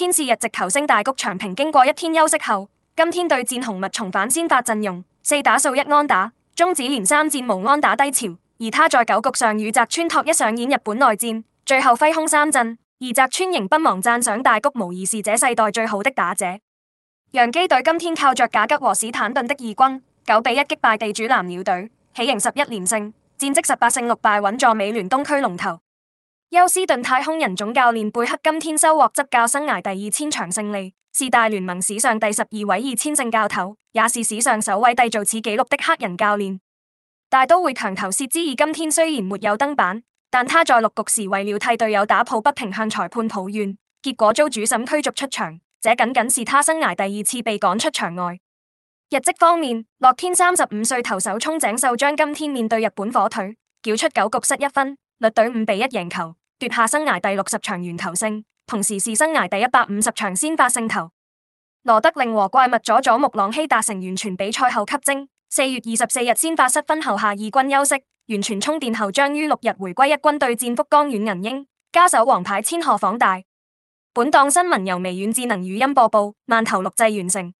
天使日籍球星大谷長平經過一天休息後，今天對戰紅襪重返先發陣容，四打數一安打，終止連三戰無安打低潮。而他在九局上與澤村拓一上演日本內戰，最後揮空三振，而澤村仍不忘讚賞大谷，無疑是這世代最好的打者。洋基隊今天靠着賈吉和史坦頓的二軍，九比一擊敗地主藍鳥隊，喜迎十一連勝，戰績十八勝六敗，穩坐美聯東區龍頭。休斯敦太空人總教練貝克今天收穫執教生涯第二千場勝利，是大聯盟史上第十二位二千勝教頭，也是史上首位締造此紀錄的黑人教練。大都會強投薛之二今天雖然沒有登板，但他在六局時為了替隊友打抱不平，向裁判抱怨，結果遭主審驅逐出場。這僅僅是他生涯第二次被趕出場外。日職方面，樂天三十五歲投手沖井秀將今天面對日本火腿，繳出九局失一分，率隊五比一贏球。奪下生涯第六十場圓球勝，同時是生涯第一百五十場先發勝投。羅德令和怪物佐佐木朗希達成完全比賽後吸睛。四月二十四日先發失分後下二軍休息，完全充電後將於六日回歸一軍對戰福岡軟銀鷹，交手王牌千賀滉大。本檔新聞由微軟智能語音播報，慢頭錄製完成。